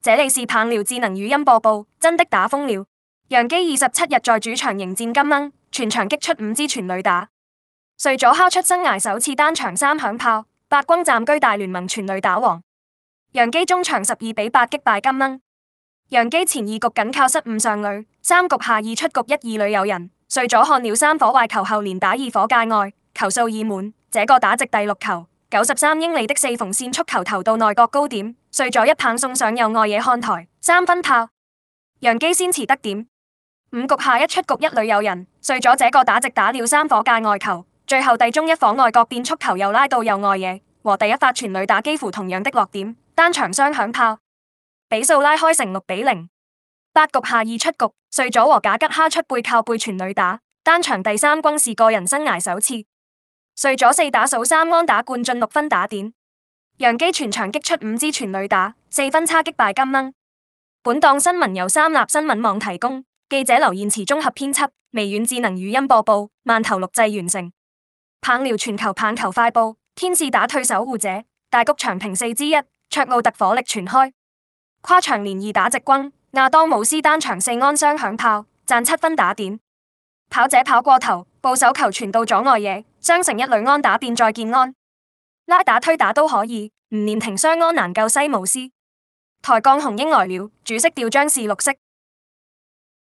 這裏是棒鳥智能語音播報，真的打瘋了！洋基二十七日在主場迎戰金鶯，全場擊出五支全壘打，瑞佐敲出生涯首次單場三響炮，八轟暫居大聯盟全壘打王。洋基終場十二比八擊敗金鶯，洋基前二局僅靠失誤上壘，三局下二出局一二壘有人，瑞佐看了三火壞球後連打二火界外球，數已滿，這個打直，第六球，九十三英里的四縫線速球投到內角高點。瑞佐一棒送上右外野看台三分炮，洋基先馳得點五局下一出局一壘有人，瑞佐這個打席打了三顆界外球，最後逮中一顆外角變速球又拉到右外野，和第一發全壘打幾乎同樣的落點，單場雙響炮，比數拉開成六比零，八局下二出局瑞佐和賈吉哈出背靠背全壘打，單場第三轟是個人生涯首次，瑞佐四打數三安打灌進六分打點。洋基全場擊出五支全壘打，四分差擊敗金鶯。本檔新聞由三立新聞網提供，記者劉燕池綜合編輯。微軟智能語音播報，慢頭錄製完成。棒聊全球棒球快報，天使打退守護者，大谷翔平四之一，卓奧特火力全開，跨場連二打直轟。亞當姆斯單場四安雙響炮，賺七分打點。跑者跑過頭，捕手球傳到左外野，雙城一壘安打變再見安。拉打推打都可以，吳念庭雙安難救西武獅，台鋼雄鷹來了，主色調將是綠色。